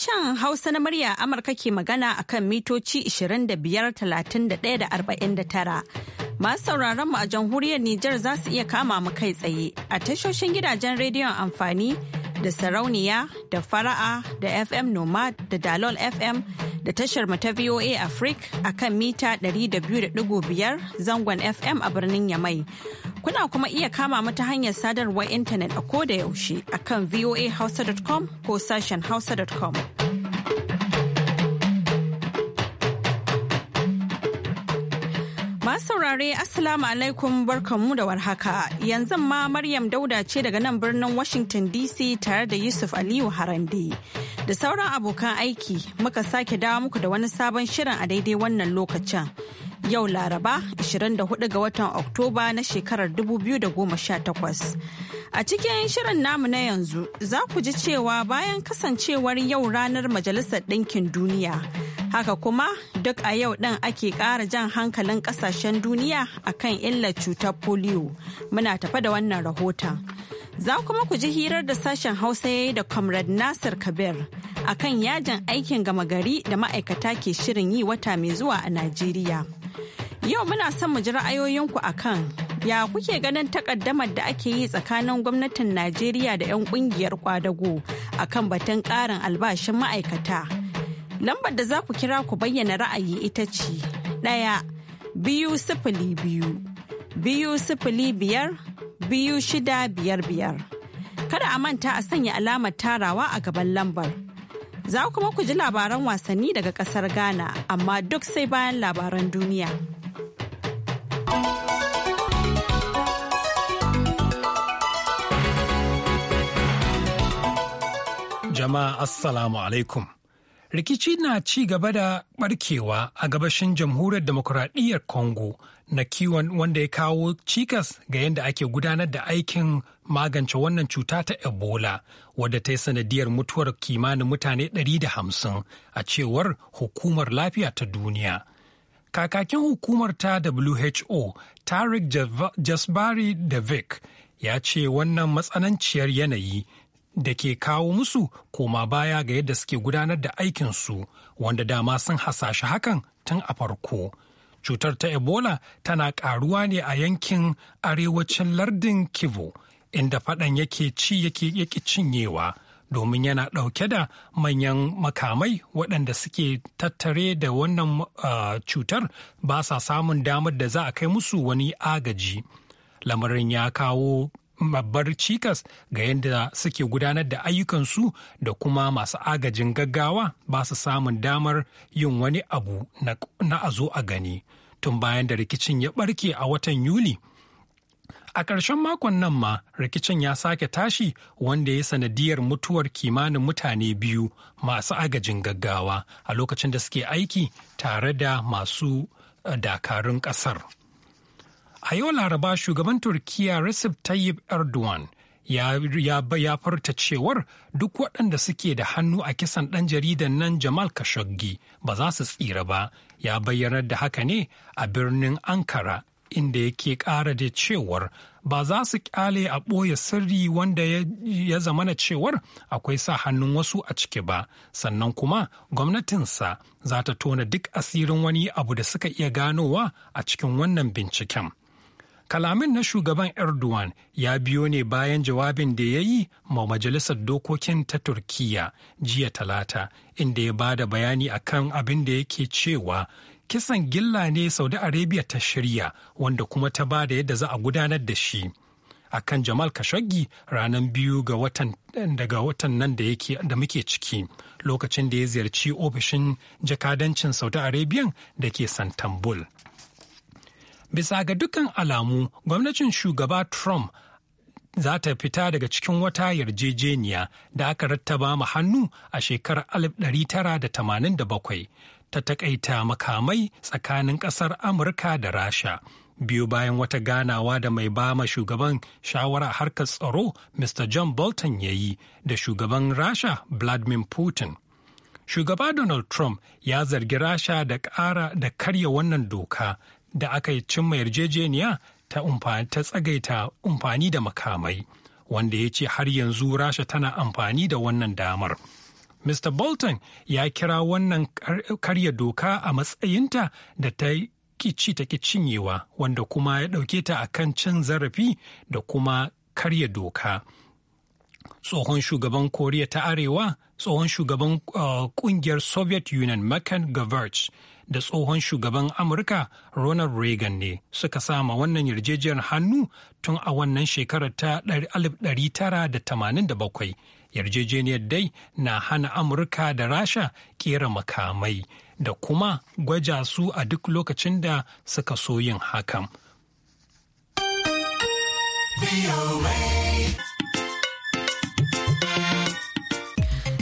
Sashen Hausa na murya Amurka ke magana a kan mitoci 25,31,49. Masu sauraron mu a jamhuriyar Nijar za su iya kama mu kai tsaye a tashoshin gidajen rediyon amfani da sarauniya da fara'a da FM Nomad da Dalol FM da tashar mu ta VOA Africa a kan mita 200.5 zangon FM a birnin Yamai. Kuna kuma iya kama mu ta hanyar sadarwar intanet a koda yaushe a kan voahausa.com ko sashen hausa.com. Masu saurare Assalamu alaikum barkanmu da warhaka. Yanzu ma Maryam Dauda ce daga nan birnin Washington DC tare da Yusuf Aliyu Harande. Da sauran abokan aiki muka sake dawo muku da wani sabon shirin a daidai wannan lokacin. Yau Laraba 24 ga watan Oktoba na shekarar 2018. A cikin shirin namu na yanzu za ku ji cewa bayan kasancewar yau ranar Majalisar Ɗinkin Duniya. Haka kuma duk a yau ɗin ake ƙara jan hankalin ƙasashen duniya a kan illar cutar polio. Muna tafa da wannan rahoton. Za kuma ku ji hirar da sashen Hausa ya yi da Comrade Nasir Kabir a kan yajin aikin gama gari da ma'aikata ke shirin yi wata mai zuwa a Najeriya. Yau muna son mu ji ra'ayoyinku a kan, ya kuke ganin takaddamar da ake yi tsakanin gwamnatin najeriya da 'yan kungiyar kwadago kan batun karin albashin ma'aikata Lambar da za ku kira ku bayyana ra'ayi ita ce ɗaya biyu sifili biyu biyu sifili biyar biyu shida biyar biyar. Kada a manta a sanya alamar tarawa a gaban lambar. Za kuma ku ji labaran wasanni daga ƙasar Ghana amma duk sai bayan labaran duniya. jama'a assalamu alaikum rikici na ci gaba da barkewa a gabashin jamhuriyar demokuraɗiyyar congo na kiwon wanda ya kawo cikas ga yadda ake gudanar da aikin magance wannan cuta ta ebola wadda ta yi sanadiyar mutuwar kimanin mutane 150 a cewar hukumar lafiya ta duniya kakakin hukumar ta who tarik jasbari vic ya ce wannan matsananciyar yanayi da ke kawo musu koma baya ga yadda suke gudanar da aikinsu wanda dama sun hasashe hakan tun a farko. Cutar ta Ebola tana karuwa ne a yankin arewacin lardin Kivu, inda fadan yake ci yake yake cinyewa. domin yana dauke da manyan makamai waɗanda suke tattare da wannan ah, cutar ba sa samun damar da za a kai musu wani agaji. Lamarin ya kawo babbar cikas ga yadda suke gudanar da ayyukansu da kuma masu agajin gaggawa ba su samun damar yin wani abu na a zo a gani tun bayan da rikicin ya barke a watan yuli a ƙarshen makon nan ma rikicin ya sake tashi wanda ya sanadiyar mutuwar kimanin mutane biyu masu agajin gaggawa a lokacin da suke aiki tare da masu eh, dakarun ƙasar. A yau Laraba shugaban Turkiyya Recep Tayyip Erdogan ya, ya, farta cewar duk waɗanda suke da hannu a kisan ɗan jaridan nan Jamal Khashoggi ba za su tsira ba, ya bayyanar da haka ne a birnin Ankara inda yake ƙara da cewar ba za su ƙyale a ɓoye sirri wanda ya zamana cewar akwai sa hannun wasu a ciki ba sannan kuma gwamnatinsa za ta tona duk asirin wani abu da suka iya ganowa a cikin wannan binciken. Kalamin na shugaban Erdogan ya biyo ne bayan jawabin da ya yi ma Majalisar Dokokin ta Turkiyya jiya Talata, inda ya bada bayani akan abin da yake cewa kisan gilla ne Saudi Arabia ta shirya wanda kuma ta bada yadda za a gudanar da shi. Akan Jamal Khashoggi ranar biyu ga watan daga watan nan da yake da muke ciki lokacin da ya ziyarci ofishin jakadancin Saudi Arabian da ke Santambul. Bisa ga dukkan alamu, gwamnatin shugaba Trump za ta fita daga cikin wata yarjejeniya da aka rattaba ma hannu a shekarar 1987 ta takaita makamai tsakanin kasar Amurka da Rasha. Biyu bayan wata ganawa da mai bama shugaban shawara harkar tsaro Mr. John Bolton ya yi da shugaban Rasha Vladimir Putin. Shugaba Donald Trump ya zargi Rasha da ƙara da karya wannan doka da aka cimma yarjejeniya ta tsagaita amfani da makamai wanda ya ce har yanzu rasha tana amfani da wannan damar. Mr. Bolton ya kira wannan karya doka a matsayinta da ta kici ta cinyewa wanda kuma ya dauke ta a kan cin zarafi da kuma karya doka. Tsohon shugaban Koriya ta Arewa, tsohon shugaban kungiyar uh, Soviet Union Makan Gavarch da tsohon shugaban Amurka Ronald Reagan ne suka sama wannan yarjejiyar hannu tun a wannan shekarar ta 1987. Yarjejeniyar dai na hana Amurka da Rasha kera makamai da kuma gwaja su a duk lokacin da suka so yin hakan.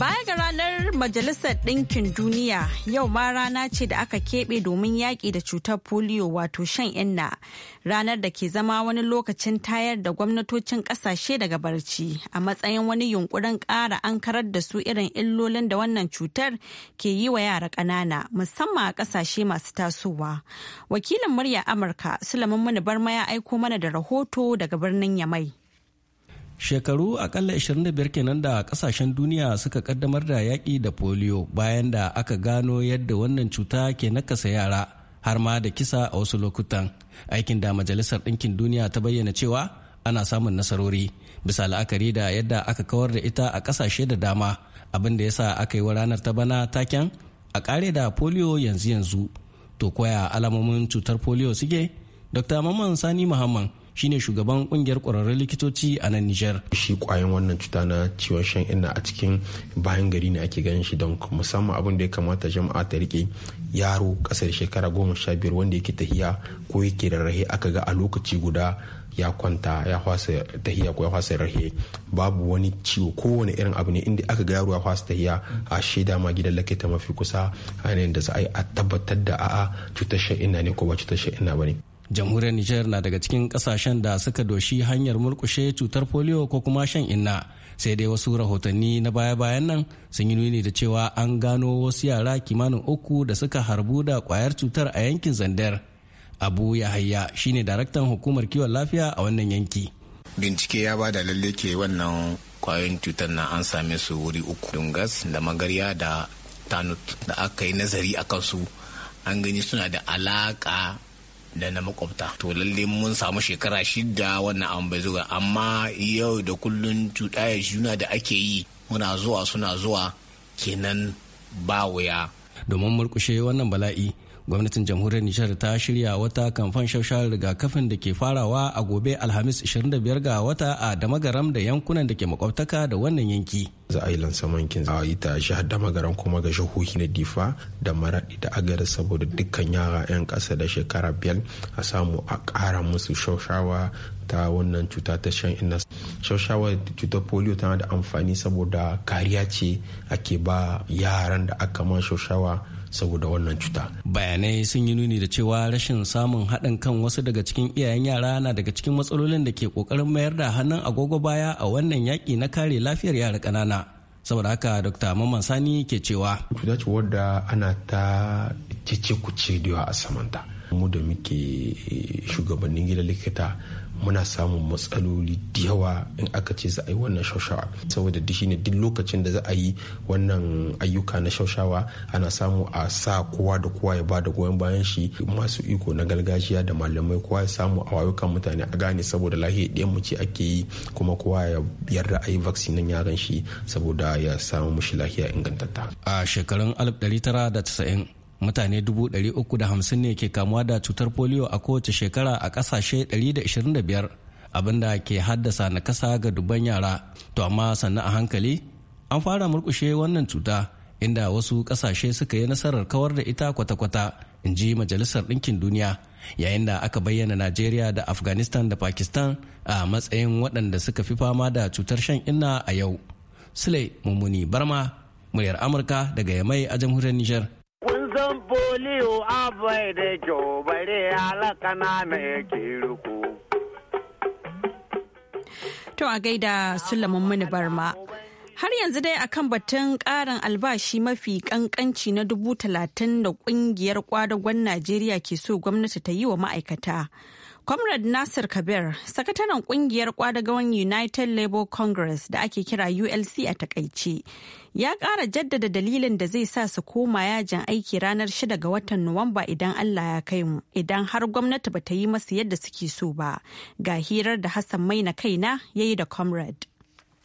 Baya ga ranar Majalisar Ɗinkin Duniya, yau ma rana ce da aka keɓe domin yaƙi da cutar foliyo wato shan inna, ranar da ke zama wani lokacin tayar da gwamnatocin ƙasashe daga barci a matsayin wani yunkurin ƙara an karar da su irin illolin da wannan cutar ke yi wa yara ƙanana musamman a ƙasashe masu tasowa. Wakilin murya Amurka, Sulaiman Muni Barma ya aiko mana da rahoto daga birnin Yamai. shekaru akalla 25 kenan da kasashen duniya suka kaddamar da yaƙi da polio bayan da aka gano yadda wannan cuta ke nakasa yara har ma da kisa a wasu lokutan aikin da majalisar ɗinkin duniya ta bayyana cewa ana samun nasarori bisa la'akari da yadda aka kawar da ita a ƙasashe da dama abin da ya sa aka yi wa ranar ta bana taken a kare da polio yanzu yanzu to koya alamomin cutar polio suke dr mamman sani muhammad shine shugaban kungiyar kwararrun likitoci a nan Nijar. Shi kwayan wannan cuta na ciwon shan inna a cikin bayan gari ne ake ganin shi don musamman abin da ya kamata jama'a ta rike yaro kasar shekara goma sha biyar wanda yake tahiya ko yake rarrahe aka ga a lokaci guda ya kwanta ya fasa tahiya ko ya fasa rahe babu wani ciwo kowane irin abu ne inda aka ga yaro ya fasa tahiya a shaida ma gidan likita mafi kusa a yanayin da za a yi a tabbatar da a'a cutar sha'ina ne ko ba cutar sha'ina ba ne. jamhuriyar niger na daga cikin kasashen da suka doshi hanyar murkushe cutar polio ko kuma shan inna sai dai wasu rahotanni na baya-bayan nan sun yi nuni da cewa an gano wasu yara kimanin uku da suka harbu da kwayar cutar a yankin zandar abu yahaya shine daraktan hukumar kiwon lafiya a wannan yanki bincike ya ba da lalle ke wannan kwayoyin cutar na an same su wuri uku dungas da magarya da tanut da aka yi nazari a kansu an gani suna da alaka da na makwabta to lalle mun samu shekara shida wannan an bai zuwa amma yau da kullun cuɗaya juna da ake yi muna zuwa suna zuwa kenan ba wuya domin murkushe wannan bala'i gwamnatin jamhuriyar nishar ta shirya wata kamfan daga rigakafin da ke farawa a gobe alhamis 25 ga wata a damagaram da yankunan da ke makwabtaka da wannan yanki za a yi lansamankin a yi ta jihar damagaram kuma ga shahuhi na difa da maradi da agada saboda dukkan yara 'yan kasa da shekara biyar a samu a ƙara musu shaushawa ta wannan cuta ta shan inna shaushawa cutar polio tana da amfani saboda kariya ce ake ba yaran da aka ma shaushawa saboda wannan cuta bayanai sun yi nuni da cewa rashin samun haɗin kan wasu daga cikin iyayen yara na daga cikin matsalolin da ke ƙoƙarin mayar da hannun agogo baya a wannan yaƙi na kare lafiyar yara ƙanana saboda haka dr mamman sani ke cewa cuta ce wadda ana ta cece kuce da a samanta mu da muke shugabannin gidan likita muna samun matsaloli da yawa in aka ce za a yi wannan shaushawa saboda duk shine duk lokacin da za a yi wannan ayyuka na shaushawa ana samu a sa kowa da kowa ya ba da goyon bayan shi masu iko na gargajiya da malamai kowa ya samu a wayukan mutane a gane saboda lahiyar ɗayan mu ce ake yi kuma kowa ya yarda a yi vaccine yaran shi saboda ya samu mushi lahiya ingantatta a shekarun 1990 mutane 350 ne ke kamuwa da cutar polio a kowace shekara a ƙasashe 125 abinda ke haddasa na nakasa ga dubban yara to amma sannan a hankali an fara murkushe wannan cuta inda wasu ƙasashe suka yi nasarar kawar da ita kwata-kwata in ji majalisar ɗinkin duniya yayin da aka bayyana najeriya da afghanistan da pakistan a matsayin waɗanda suka fi fama da cutar shan inna a yau sule mummuni barma muryar amurka daga yamai a jamhuriyar niger zan foliyo abai da kyau bare halaka na mai kiruku. To a gaida Sulaiman Mini Barma. Har yanzu dai akan batun ƙarin albashi mafi ƙanƙanci na dubu talatin da ƙungiyar kwadagon Najeriya ke so gwamnati ta yi wa ma'aikata. Comrade Nasir Kabir, sakataren kungiyar kwadagawan United Labour Congress da ake kira ULC a takaice, ya ƙara jaddada dalilin da zai sa su koma yajin aiki ranar 6 ga watan Nuwamba idan Allah ya kai mu, idan har gwamnati ba ta yi masu yadda suke so ba. Ga hirar da Hassan Maina kaina ya yi da Comrade.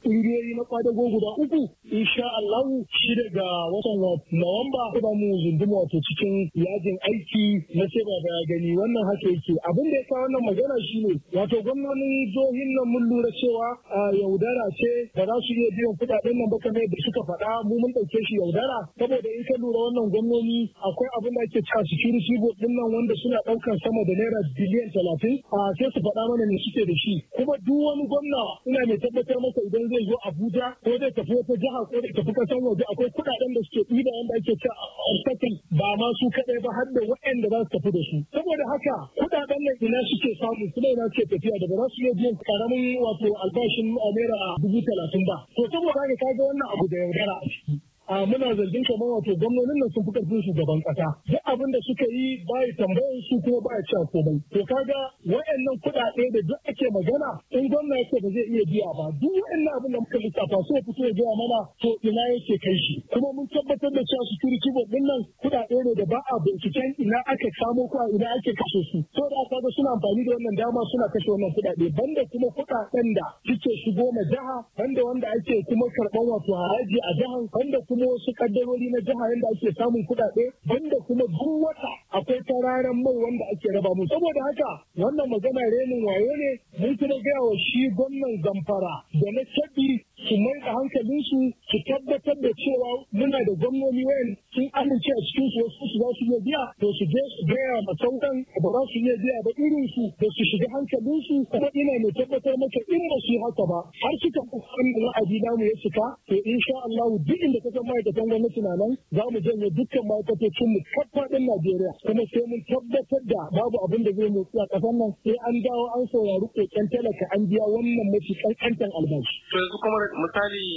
ƙungiyoyi na kwadago guda uku insha Allah shi daga watan Nuwamba ba mu zunduma wato cikin yajin aiki na sai ba da gani wannan haka yake abin da ya sa wannan magana shine wato gwamnonin jihohin nan mun lura cewa yaudara ce ba za su iya biyan kuɗaɗen nan ba kamar da suka faɗa mu mun ɗauke shi yaudara saboda in ka lura wannan gwamnoni akwai abin da ake cika security board din nan wanda suna ɗaukar sama da naira biliyan talatin a sai su faɗa mana me suke da shi kuma duk wani gwamna ina mai tabbatar masa idan zai zo Abuja ko zai tafi wata jiha ko zai tafi kasan waje akwai kuɗaɗen da suke ɗiba wanda ake cewa a ba ma su kaɗai ba har da waɗanda za su tafi da su. Saboda haka kuɗaɗen nan ina suke samu kuma ina suke tafiya da ba za su iya biyan ƙaramin wato albashin naira dubu talatin ba. To saboda haka ga wannan abu da yaudara a ciki. muna zargin kamar wato gwamnonin nan sun fi karfin shugaban kasa duk abin da suka yi bai tambayar su kuma bai cewa komai to kaga wayannan kuɗaɗe da duk ake magana in gwamna ce ba zai iya biya ba duk wayannan abin da muka lissafa su ya fito ya gaya mana to ina yake kai shi kuma mun tabbatar da cewa su turi kibo din nan kuɗaɗe ne da ba a binciken ina ake samo ko ina ake kashe su to da kaga suna amfani da wannan dama suna kashe wannan kuɗaɗe banda kuma kuɗaɗen da suke shigo ma jiha banda wanda ake kuma karɓan wato haji a jihar banda kuma kuma wasu kaddarori na jiha yadda ake samun kuɗaɗe banda kuma duk wata akwai tararen man wanda ake raba mu saboda haka wannan magana renin wayo ne mun kuma gaya wa shi gwamnan zamfara da na kebbi su mai da hankalinsu su tabbatar da cewa muna da gwamnoni wayan sun amince a cikin su wasu su za su iya biya to su je su gaya ma sauran ba za su iya biya ba irin su da su shiga hankalinsu kuma ina mai tabbatar maka in ba su haka ba har suka kusan wa'adi namu ya cika to insha Allah duk inda ka san ma'aikatan gwamnati na nan za mu janye dukkan ma'aikatocin mu kafaɗin Najeriya kuma sai mun tabbatar da babu abin da zai motsi a ƙasar nan sai an dawo an saurari koken talaka an biya wannan mafi kankantan albashi. to yanzu kuma misali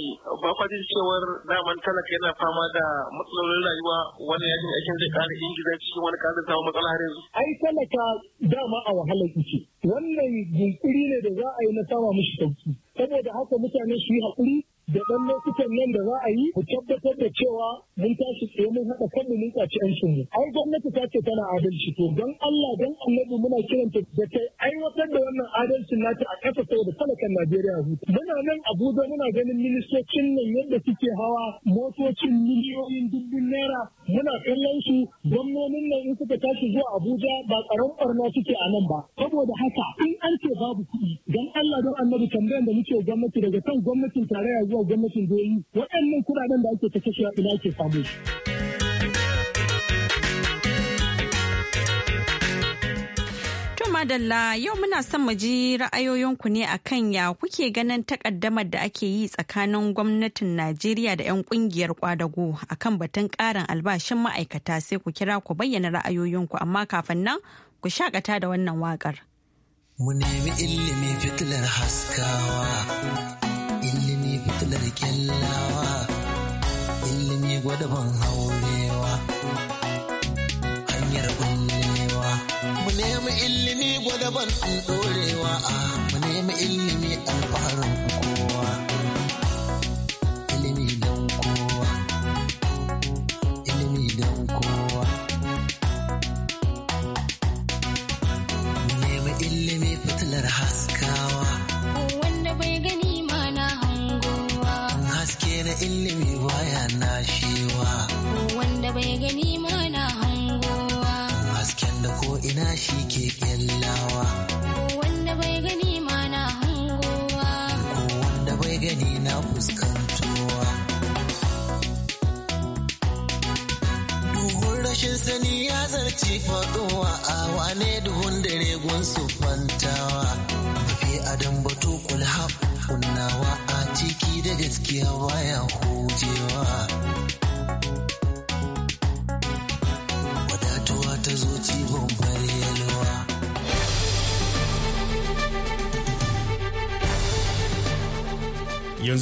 ba jin cewar daman talaka yana fama da matsalolin rayuwa wani yakin aikin zai ƙara ingiza cikin wani ƙarin samun matsala har yanzu. ai talaka dama a wahalar ce wannan jinkiri ne da za a yi na sama mishi sauki saboda haka mutane su yi haƙuri da ɗan lokutan nan da za a yi ku tabbatar da cewa mun tashi tsaye mun haɗa kanmu mun kwaci ƴancin mu ai gwamnati ta ce tana adalci to don Allah don annabi muna kiranta da kai aiwatar da wannan adalcin nata a ƙasa saboda talakan Najeriya hutu muna nan Abuja muna ganin ministocin nan yadda suke hawa motocin miliyoyin dubbin naira muna kallon su gwamnonin nan in suka tashi zuwa Abuja ba tsaron ɓarna suke a nan ba saboda haka in an ce babu kuɗi don Allah don annabi tambayar da muke gwamnati daga kan gwamnatin tarayya zuwa gwamnatin goyi waɗannan kuɗaɗen da ake ta kashewa ina ake samu madalla yau muna son mu ji ra'ayoyinku ne a kan ya kuke ganin takaddamar da ake yi tsakanin gwamnatin Najeriya da 'yan kungiyar kwadago akan batun karin albashin ma'aikata sai ku kira ku bayyana ra'ayoyinku amma kafin nan ku shakata da wannan wakar. Mu nemi ilimi fitilar haskawa, ilimi fitilar kyallawa ilimi gwadabin haurewa hanyar bullewa mu nemi ilimi gwadabin dorewa mu nemi ilimi alfaharin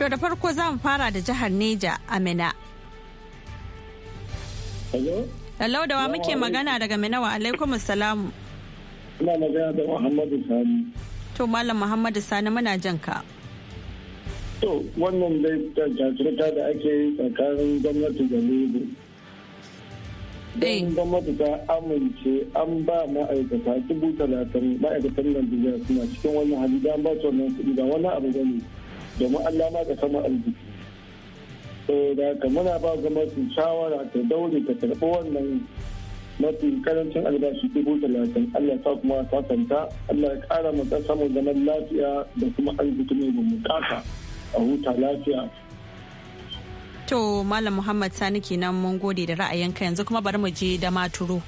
To da farko za mu fara da jihar Neja Amina. Hello da wa muke magana daga Mina wa alaikum salamu. Ina magana da Muhammadu Sani. To Malam Muhammadu Sani muna jan ka. To wannan dai jajirta da ake yi tsakanin gwamnati da Lebo. Don eh. gwamnati ta amince an ba ma'aikata dubu talatin ma'aikatan Najeriya suna cikin wani hali da an ba su wannan kuɗi ba wani abu ne. domin Allah ma ka sama arziki da ka muna ba gwamnati shawara ta daure ta karɓi wannan mafi karancin albashi dubu talatin Allah ta kuma sasanta Allah ya ƙara mu samun zaman lafiya da kuma arziki mu kasa a huta lafiya to malam muhammad sani kenan mun gode da ra'ayinka yanzu kuma bari mu je da maturu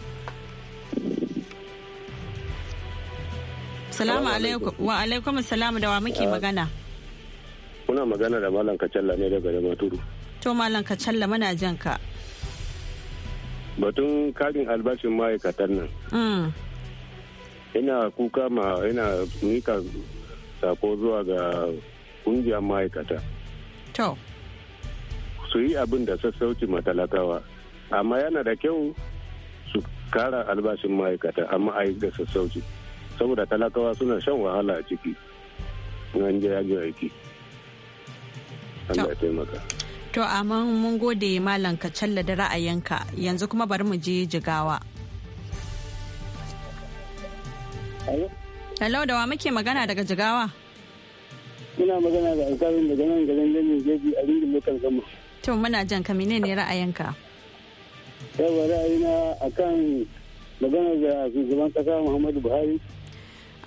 salamu alaikum wa alaikum salamu da wa muke magana kuna magana da Malam Kacalla ne daga Damaturu. To Malam Kacalla muna jan ka. Batun karin albashin ma'aikatan nan. Mm. Ina kuka ma ina mika sako zuwa ga kungiyar ma'aikata. To. Su yi abin da sassauci matalakawa. Amma yana da kyau su kara albashin ma'aikata amma a yi da sassauci. Saboda talakawa suna shan wahala a ciki. Nan aiki. Allah taimaka. To amin mun gode malam ka challa da ra'ayinka yanzu kuma bari mu je jigawa. Hello da wa muke magana daga jigawa? Muna magana da alkawarin daga nan garin ganin jeji a ringin lokal gama. To muna jan ka menene ra'ayinka? Yawa ra'ayina akan magana da shugaban kasa Muhammadu Buhari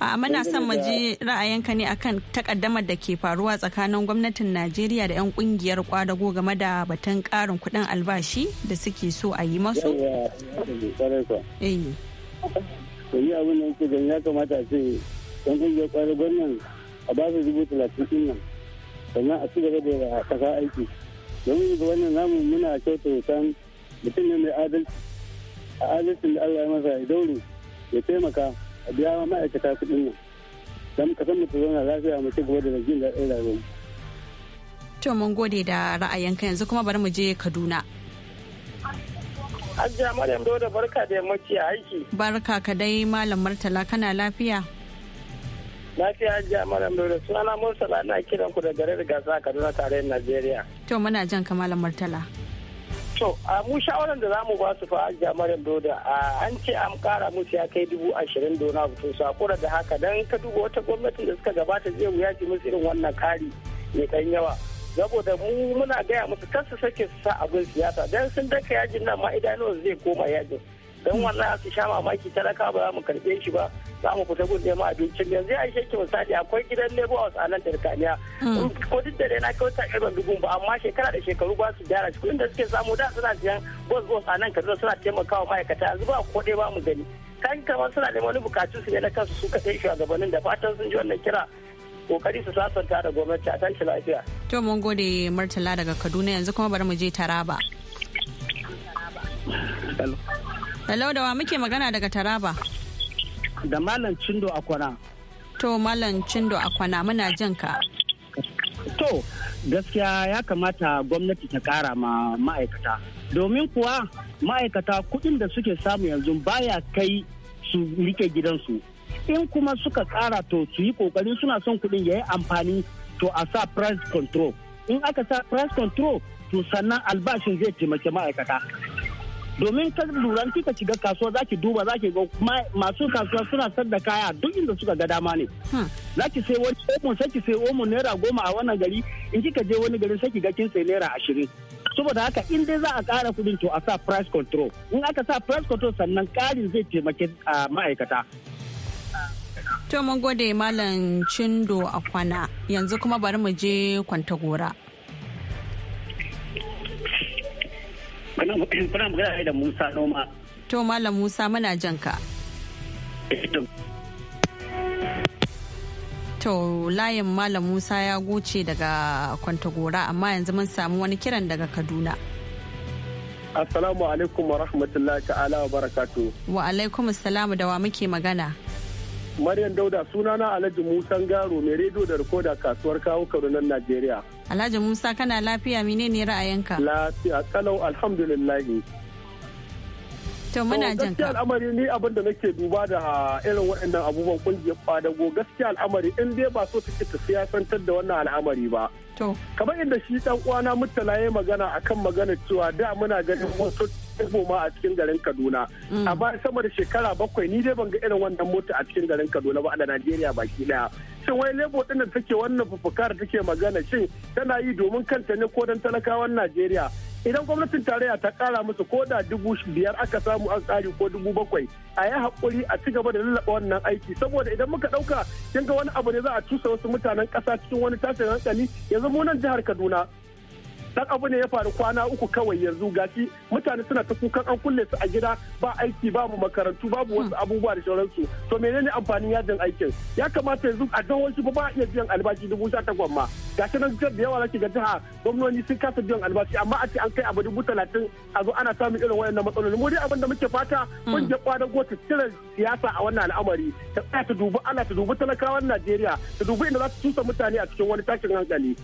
a muna son mu ji ra'ayinka ne akan takaddamar da ke faruwa tsakanin gwamnatin Najeriya da 'yan kungiyar kwadago game da batun karin kudin albashi da suke so a yi masu. Eh. ni abin da yake gani ya kamata a ce yan kungiyar kwadagon nan a ba su dubu talatin din nan sannan a ci gaba da kasa aiki don ga wannan namu muna kyauta wutan mutum ne mai adalci a adalcin da Allah ya masa ya daure ya taimaka a biya ma'aikata kuɗin nan don ka san mu zauna lafiya mu ci gaba da jin daɗin rayuwa. To mun gode da ra'ayinka yanzu kuma bari mu je Kaduna. Hajiya Maryam Dauda barka da yammaci a aiki. Barka ka dai Malam Murtala kana lafiya? Lafiya Hajiya Maryam Dauda na Murtala na kiran ku da garin Gasa Kaduna tarayyar Najeriya. To muna jan ka Malam Murtala. To, a mu shawaran da za mu ba su fa jami'an doda an ce an kara musu ya kai dubu ashirin dona to sakura da haka dan ka duba wata gwamnati da suka gabata zai wuya ji musu irin wannan kari mai dan yawa. Saboda mu muna gaya musu kar su sake su sa abin siyasa dan sun daka yajin nan ma idanuwa zai koma yajin. don wannan su sha mamaki talaka ba za mu karɓe shi ba za mu fita gun neman abincin yanzu ya yi ki misali akwai gidan lebo house a nan tarkaniya hmm. ko duk da dai na kyauta irin dubu ba amma shekara da shekaru ba su gyara shi kuɗin da suke samu da suna siyan bos bos a nan kaduna suna taimakawa ma'aikata yanzu ba ko ba mu gani kan kamar suna neman wani bukatu su ne na kansu suka kai shugabannin da fatan sun ji wannan kira kokari su sasanta da gwamnati a tashi lafiya. To mun gode Murtala daga Kaduna yanzu kuma bari mu je Taraba. Hello. Hello da wa muke magana daga Taraba. Da Malam Cindo Akwana. To Malam Cindo Akwana muna jin ka. To gaskiya ya kamata gwamnati ta kara ma ma'aikata. Domin kuwa ma'aikata kuɗin da suke samu yanzu baya kai su rike gidansu. In kuma suka kara to su yi kokari suna son kuɗin ya yi amfani to a sa price control. In aka sa price control to sannan albashin zai taimake ma'aikata. domin ka lura kika shiga kasuwa zaki duba zaki ga masu kasuwa suna sar da kaya duk inda suka ga dama ne hmm. za ki sai wani omo sai ki sai omo naira goma a wannan gari in kika je wani gari sai ki ga kin sai naira ashirin saboda haka in dai za a kara kudin to a sa price control in aka sa price control sannan ƙarin zai taimaki ma'aikata to mun gode malam cindo a kwana yanzu kuma bari mu je kwanta gora kuna eh, magana da Musa To Malam Musa muna jan ka. To layin Malam Musa ya goce daga Kwantagora amma yanzu mun samu wani kiran daga Kaduna. Assalamu alaikum wa rahmatullahi ta'ala wa barakatu. Wa alaikum assalamu da wa muke magana. Maryam Dauda sunana Alhaji Musan Garo mai rediyo da rikoda kasuwar kawo Kaduna Najeriya. Alhaji Musa kana lafiya menene ra'ayinka? Lafiya kalau alhamdulillahi. To muna jin ka. Gaskiya al'amari ni abin da nake duba da irin waɗannan abubuwan kungiyar kwadago gaskiya al'amari in dai ba so take ta siyasantar da wannan al'amari ba. To. Kamar inda shi dan uwana Murtala ya magana akan magana cewa da muna ganin motoci Expo ma a cikin garin Kaduna. Mm. A ba sama da shekara bakwai ni dai ban ga irin wannan mota a cikin garin Kaduna ba da Najeriya baki daya. Shin wai lebo ɗin da take wannan fufukar take magana shin tana yi domin kanta ne ko don talakawan Najeriya. Idan gwamnatin tarayya ta kara musu ko da dubu biyar aka samu an tsari ko dubu bakwai a yi haƙuri a ci gaba da lallaɓa wannan aiki saboda idan muka ɗauka kin ga wani abu ne za a cusa wasu mutanen ƙasa cikin wani tashin hankali yanzu mu nan jihar Kaduna dan abu ne ya faru kwana uku kawai yanzu gashi mutane suna ta kukan an kulle su a gida ba aiki babu makarantu babu wasu hmm. abubuwa da sauransu to menene amfanin yajin aikin ya kamata yanzu a don wasu ba iya biyan albashi dubu sha takwas ma gashi nan da yawa zaki ga jiha gwamnoni sun kasa biyan albashi amma a ce an kai abu dubu talatin a zo ana samun irin wayannan matsaloli mu dai abin da muke fata hmm. mun je kwadago ta cire siyasa a wannan al'amari ta tsaya ta dubi ana ta dubi talakawan Najeriya ta dubi inda za su tusa mutane a cikin wani tashin hankali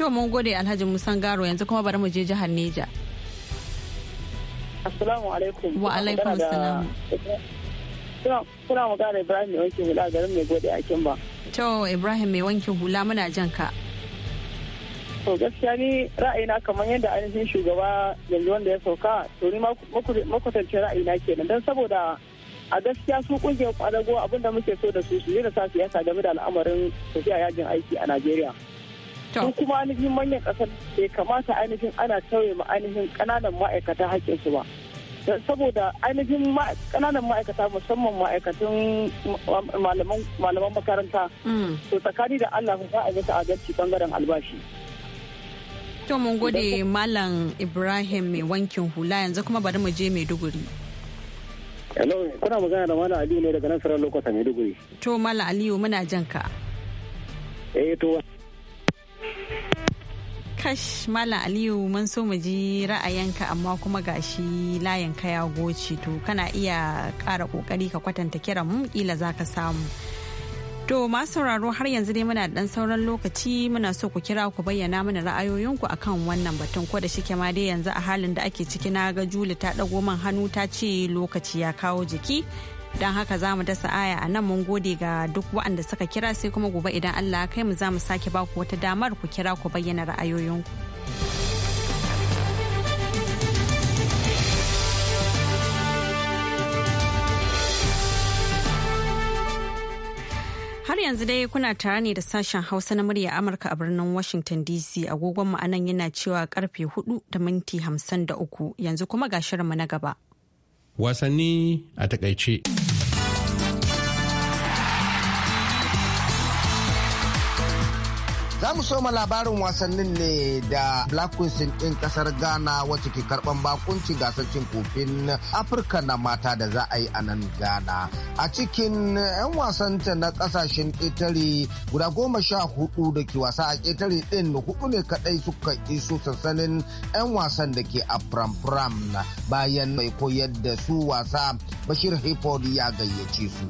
To mun gode Alhaji Musan Garo yanzu kuma bari mu je jihar Neja. Assalamu alaikum. Wa alaikum assalam. Kuna magana Ibrahim mai wankin hula garin mai gode a Kimba. To Ibrahim mai wankin hula muna jan ka. To gaskiya ni ra'ayina kamar yadda ainihin shugaba yanzu wanda ya sauka to ni makwatance ra'ayina kenan don saboda a gaskiya su kungiyar kwadago abinda muke so da su su yi da sa siyasa game da al'amarin tafiya yajin aiki a Najeriya. Sun kuma ainihin manyan ƙasar bai kamata ainihin ana tauye ma ainihin ƙananan ma'aikata haƙƙinsu ba. saboda ainihin kananan ma'aikata musamman ma'aikatan malaman makaranta mm. to tsakani da allah za a masa adalci bangaren albashi to mun gode malam ibrahim mai wankin hula yanzu kuma bari mu je maiduguri hello kuna magana da malam aliyu ne daga nasarar lokacin maiduguri to malam aliyu muna jan ka eh to kash malam aliyu mun so mu ji ra'ayinka amma kuma gashi ka ya goce to kana iya ƙara ƙoƙari ka kwatanta kiran mu ƙila za ka samu to masu sauraro har yanzu dai muna ɗan sauran lokaci muna so ku kira ku bayyana mana ra'ayoyinku akan wannan batun ko da shike ma dai yanzu a halin da ake ciki na ga juli ta ɗago man hannu ta ce lokaci ya kawo jiki don haka za mu dasa aya a nan mun gode ga duk waɗanda suka kira sai kuma gobe idan allah kai mu za mu sake baku wata damar ku kira ku bayyana ra'ayoyinku. Har yanzu dai kuna tare ne da sashen Hausa na murya Amurka a birnin Washington DC agogon mu anan yana cewa karfe 4 da minti 53 yanzu kuma ga shirinmu na gaba. wasanni a takaice. Za mu soma labarin wasannin ne da Black Queens ɗin ƙasar Ghana wacce ke karɓar bakunci gasar cin kofin Afirka na mata da za a yi a nan Ghana. A cikin 'yan wasanta na ƙasashen ƙetare guda goma sha hudu da ke wasa a ƙetare ɗin hudu ne kaɗai suka iso sansanin 'yan wasan da ke a Pram bayan mai koyar da su wasa Bashir Hipod ya gayyace su.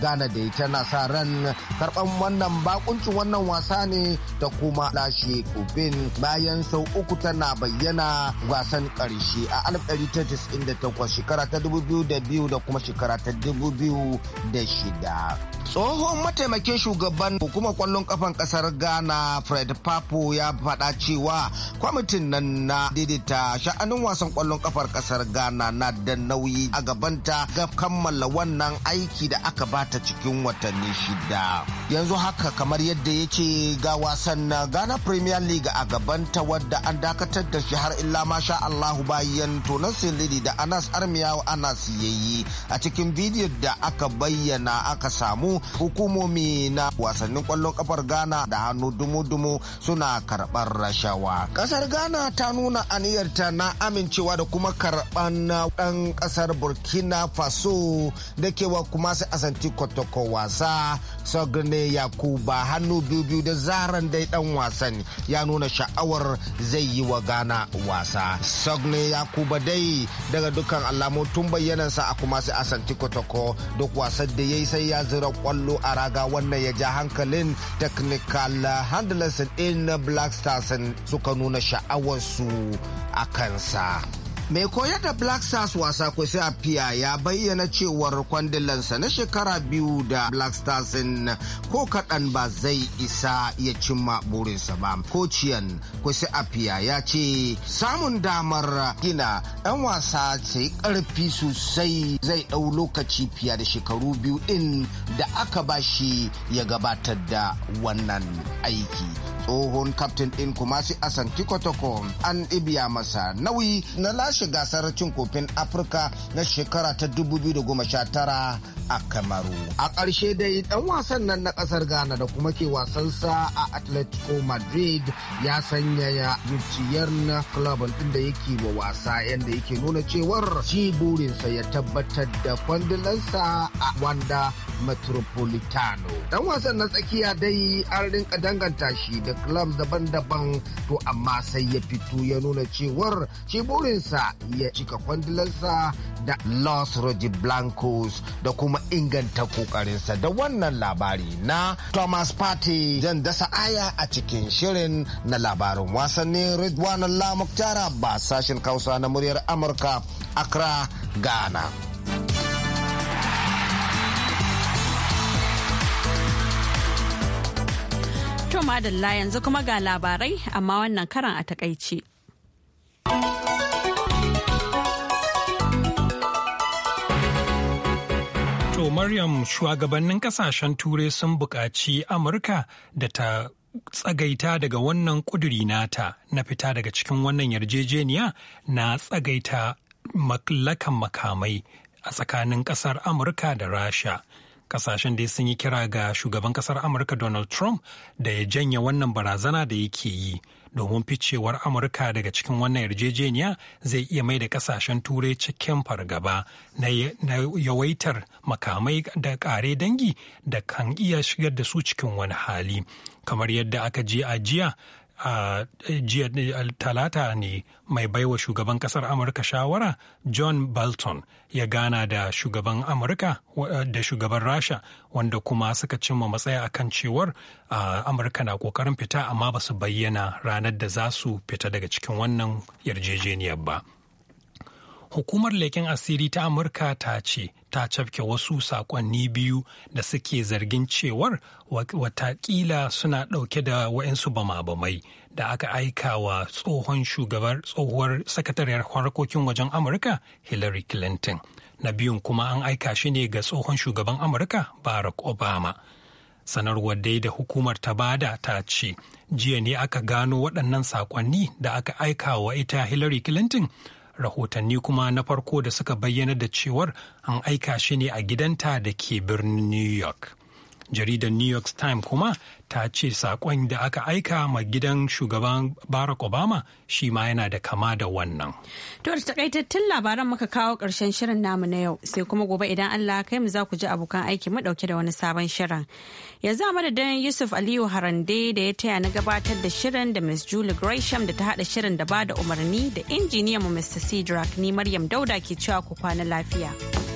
Ghana da tana sa ran karɓan wannan bakuncin wannan wasa ne ta kuma lashe kofin bayan sau uku tana bayyana wasan karshe a 1998 shekara ta 2002 da kuma shekara ta 2006 tsohon mataimakin shugaban hukumar kwallon kafan kasar ghana fred papo ya faɗa cewa kwamitin nan na daidaita sha'anin wasan kwallon kafar kasar ghana na da nauyi a gabanta ga kammala wannan aiki da aka bata cikin watanni shida yanzu haka kamar yadda ya ce ga wasan na ghana premier league a gabanta wadda an dakatar da shi har illa sha allahu bayan tonan siliri da anas armiya anas yayi a cikin bidiyo da aka bayyana aka samu hukumomi na wasannin kwallon kafar ghana da hannu dumu-dumu suna karɓar rashawa ƙasar ghana ta nuna aniyarta na amincewa da kuma karɓan ɗan ƙasar burkina faso da kewa kuma sai asanti kotoko wasa sogne yakuba hannu biyu da zaran dai ɗan wasan ya nuna sha'awar zai yi wa ghana wasa sogne yakuba dai daga dukkan alamu tun bayyanansa a kuma sai asanti kotoko duk wasan da ya yi sai ya zira kwallo a raga wannan ya ja hankalin technical handlers din black stars suka nuna sha'awarsu a kansa. mai koyar da black stars wasa kwasi afiya ya bayyana cewar kwandilansa na shekara biyu da black stars ko kaɗan ba zai isa ya cimma burinsa ba kociyan kwasi afiya ya ce samun damar gina 'yan wasa sai ƙarfi sosai zai ɗau lokaci fiya da shekaru biyu ɗin da aka shi ya gabatar da wannan aiki tsohon kaftin ɗin kumasi asan tikotoko an ibiya masa nauyi na lashe gasar cin kofin afirka na shekara ta 2019 a kamaru a ƙarshe dai ɗan wasan nan na ƙasar ghana da kuma ke wasansa a atletico madrid ya ya zuciyar na club ɗin da yake wa wasa yadda yake nuna cewar shi burinsa ya tabbatar da kwandilansa a wanda metropolitano dan wasan na tsakiya dai an rinka danganta shi da club daban-daban to amma sai ya fito ya nuna cewar shi burinsa ya cika kwandilarsa da Los Roji Blancos da kuma inganta kokarinsa da wannan labari na Thomas Partey zan dasa aya a cikin shirin na labarin wasanni Ridwan Allah ba sashin kausa na muryar Amurka Accra, Ghana. To madalla yanzu kuma ga labarai amma wannan karan a takaici. To Maryam shugabannin kasashen turai sun buƙaci Amurka da ta tsagaita daga wannan ƙuduri nata na fita daga cikin wannan yarjejeniya na tsagaita lakan makamai a tsakanin ƙasar Amurka da Rasha. Ƙasashen dai sun yi kira ga shugaban ƙasar Amurka Donald Trump da ya janya wannan barazana da yake yi. domin ficewar amurka daga cikin wannan yarjejeniya zai iya mai da kasashen turai cikin fargaba na yawaitar makamai da kare dangi da kan iya shigar da su cikin wani hali kamar yadda aka je a jiya a jiya talata ne mai baiwa shugaban kasar amurka shawara john bolton ya gana da shugaban amurka da shugaban rasha wanda kuma suka cimma matsaya akan cewar amurka na kokarin fita amma ba su bayyana ranar da za su fita daga cikin wannan yarjejeniyar ba Hukumar leken asiri ta Amurka ta ce ta cafke wasu sakonni biyu da suke zargin cewar watakila suna ɗauke da wa'insu bama-bamai da aka aika wa tsohon shugabar tsohuwar sakatariyar harkokin wajen Amurka Hillary Clinton. Na biyun kuma an aika shi ne ga tsohon shugaban Amurka Barack Obama. sanarwar dai da hukumar ta bada ta ce jiya ne aka gano waɗannan saƙonni da aka aika wa ita hillary clinton rahotanni kuma na farko da suka bayyana da cewar an aika shi ne a gidanta da ke birnin new york jaridar new york times kuma ta ce sakon da aka aika ma gidan shugaban barack obama shi ma yana da kama da wannan to da takaitattun labaran muka kawo ƙarshen shirin namu na yau sai kuma gobe idan allah kai mu za ku ji abokan aiki mu dauke da wani sabon shirin yanzu a madadin yusuf aliyu harande da ya taya na gabatar da shirin da miss julie gresham da ta hada shirin da bada umarni da injiniyan mu mr cedric ni maryam dauda ke cewa ku kwana lafiya